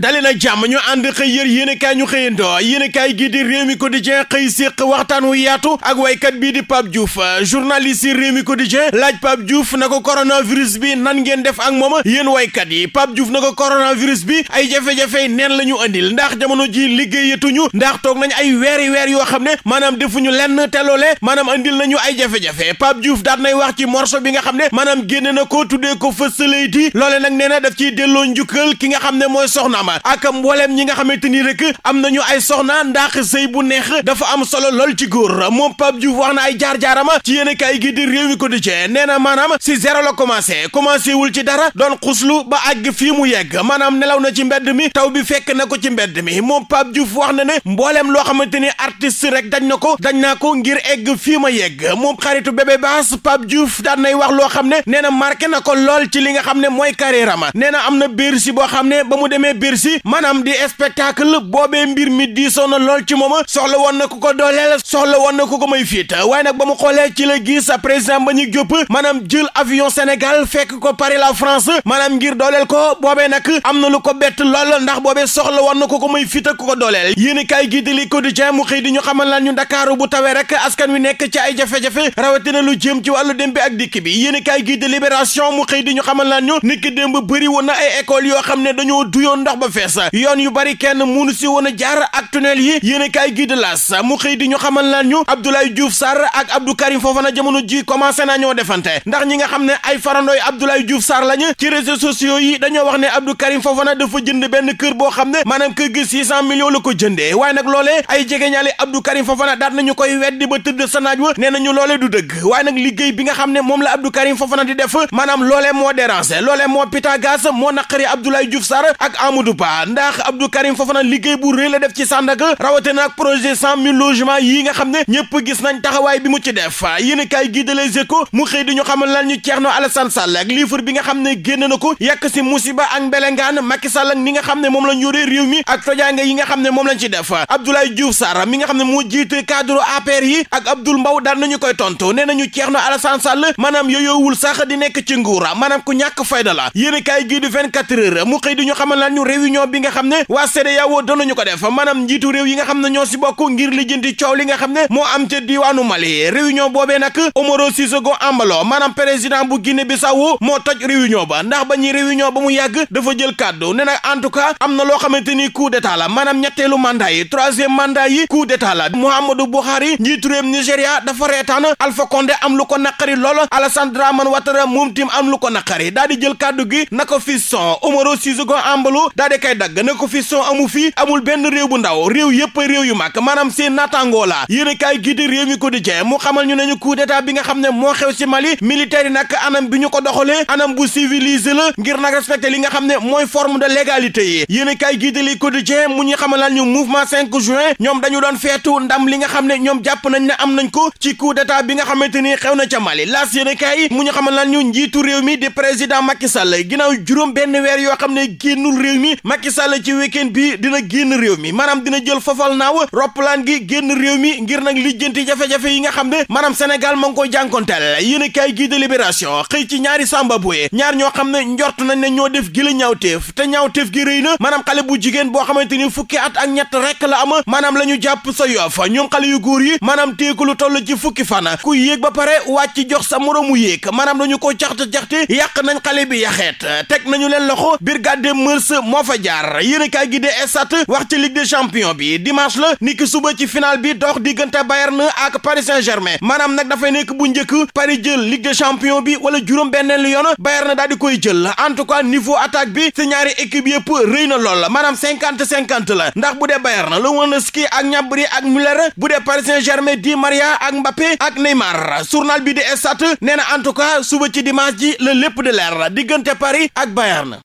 dali nag jàmm ñu ànd xëy yër yéenekaay ñu xëyandoo yéenekaay gi di Rewmi Quotidien xëy séq waxtaan wu yaatu ak waykat bii di Pape Diouf journaliste yi Rewmi Quotidien laaj Pape Diouf na ko coronavirus bi nan ngeen def ak moom a yéen waykat yi Pape Diouf na ko coronavirus bi ay jafe-jafe neen la ñu andil ndax jamono ji liggéeyatuñu ndax toog nañu ay weeri weer yoo xam ne maanaam defuñu lenn te loole maanaam indil nañu ay jafe-jafe Pape Diouf daat nay wax ci morceau bi nga xam ne maanaam génne na ko tuddee ko fësalay di nag nee na daf ciy delloo njukkal ki nga xam ne mooy soxna Bamba ak mbooleem ñi nga xamante ni rek am nañu ay soxna ndax sëy bu neex dafa am solo lool ci góor moom Pape Diouf wax na ay jaar jaara ma ci yéen kay gi di réew mi ko di cee nee na maanaam si zéro la commencé commencé wul ci dara doon xuslu ba àgg fii mu yegg maanaam nelaw na ci mbedd mi taw bi fekk na ko ci mbedd mi moom Pape Diouf wax na ne mbooleem loo xamante ni artis rek dañ na ko dañ naa ko ngir egg fii ma yegg moom xaritu bébé baas Pape Diouf daan nay wax loo xam ne nee na marqué na ko lool ci li nga xam ne mooy carrière nee na am na biir si boo xam ne ba mu demee biir Kër maanaam di spectacle boobee mbir mi diisoo na lool ci moom soxla won na ku ko dooleel soxla woon na ku ko may fiit waaye nag ba mu xoolee ci la gis président Mbagnick Diop maanaam jël avion Sénégal fekk ko Paris la France maanaam ngir dooleel ko boobee nag am na lu ko bett lool ndax boobee soxla woon na ku ko may fiit ak ku ko dooleel yéen a kaay gii di li quotidien mu xëy di ñu xamal lan ñu Dakar bu tawee rek askan wi nekk ci ay jafe-jafe rawatina lu ci wàllu dem ak dikk bi yéen a kaay gii di libération mu di ñu xamal lan ñu niki démb bëri woon na ay école yoo xam ne dañoo duyoon ndax ba fees yoon yu bari munu si woon jaar ak tunnel yi yéen a kaay las mu xëy di ñu xamal laan ñu Abdoulaye Diouf Sarr ak Abdou Karim Fofana jamono ji commencé na ñoo defante ndax ñi nga xam ne ay farandooy Abdoulaye Diouf Sarr lañu ci réseaux sociaux yi dañoo wax ne Abdou Karim Fofana dafa jënd benn kër boo xam ne maanaam kër gi 600 millions la ko jëndee waaye nag loolee ay jegeñaale Abdou Karim Fofana daat nañu koy weddi ba tëdd sa naaj wa nee nañu loolee du dëgg waaye nag liggéey bi nga xam ne moom la Abdou Karim Fofana di def maanaam loolee ak Amadou Amadou Ba ndax Abdou Karim Fofana liggéey bu rëy def ci Sandaga rawate naag projet cent mille logements yi nga xam ne ñëpp gis nañ taxawaay bi mu ci def yéen a kaay gii de Les Échos mu xëy di ñu xamal lan ñu Thierno Alassane Sall ak livre bi nga xam ne génn na ko yàq si musiba ak nga Macky Sall ak ni nga xam ne moom lañ yoree réew mi ak tojaange yi nga xam ne moom lañ ci def Abdoulaye Diouf Sarr mi nga xam ne moo jiite cadre APR yi ak Abdoul Mbow daan nañu koy tontu nee nañu Thierno a ñu réunion bi nga xam ne waa CEDEAO doon nañu ko def maanaam njiitu réew yi nga xam ne ñoo si bokk ngir lijjanti coow li nga xam ne moo am ca diwaanu Mali réunion boobee nag Umaro Sissoco Embalo maanaam président bu Guinée Bissau moo toj réunion ba ndax ba ñuy réunion ba mu yàgg dafa jël kàddu ne nag en am na loo xamante ni coup d'état la maanaam ñetteelu mandat yi troisième mandat yi coup d'état la Muhammadu Buhari njiitu réew Nigéria dafa reetaan Alpha Condé am lu ko naqari lool Alassane Dramane Ouattara moom tim am lu ko naqari daal di jël kàddu na ko fiston Umaro Sissoco de kay dagg na ko fi son amu fi amul benn réew bu ndaw réew yëpp réew yu mag maanaam seen naataangoo la yéen a kaay gii di réew mi quotidien mu xamal ñu nañu coup d'état bi nga xam ne moo xew ci Mali militaire yi nag anam bi ñu ko doxalee anam bu civilisé la ngir nag respecté li nga xam ne mooy forme de légalité yi yéen a kaay gii di li quotidien mu ñu xamal ñu mouvement 5 juin ñoom dañu doon feetu ndam li nga xam ne ñoom jàpp nañ ne am nañ ko ci coup d'état bi nga xamante ni xew na ca Mali laas yéen a kaay mu ñu xamal na ñu njiitu réew mi di président Macky Sall ginnaaw juróom benn weer yoo xam ne génnul réew mi Macky Sall ci week bi dina génn réew mi maanaam dina jël fofal naaw roppalaan gi génn réew mi ngir nag lijjanti jafe-jafe yi nga xam ne maanaam Sénégal ma ngi koy jànkonteel yéen kaay gi de libération ci ñaari Samba Boye ñaar ñoo xam ne njort nañ ne ñoo def gila la ñaawteef te ñaawteef gi rëy na maanaam xale bu jigéen boo xamante ni fukki at ak ñett rek la am maanaam la ñu jàpp sa yoof ñoom xale yu góor yi maanaam téeku lu toll ci fukki fana ku yéeg ba pare wàcc jox sa moromu yéeg maanaam dañu ko jaxte jaxte yàq nañ xale bi yaxeet teg nañu leen loxo brigade des mœurs moo fa jaar yéen a kaay gi de Stades wax ci ligue des champions bi dimanche la niki suba ci final bi dox diggante Bayern ak Paris Saint-Germain maanaam nag dafay nekk bu njëkk Paris jël ligue des champions bi wala juróom benneelu yoon Bayern daal di koy jël en tout cas niveau attaque bi si ñaari équipe yëpp rëy na lool maanaam cinquante cinquante la ndax bu dee Bayern Lewandowski ak Gnabry ak Müller bu dee Paris Saint-Germain Di Maria ak Mbappé ak Neymar journal bi de Stades nee na en tout cas suba ci dimanche ji la lépp de leer diggante Paris ak Bayern.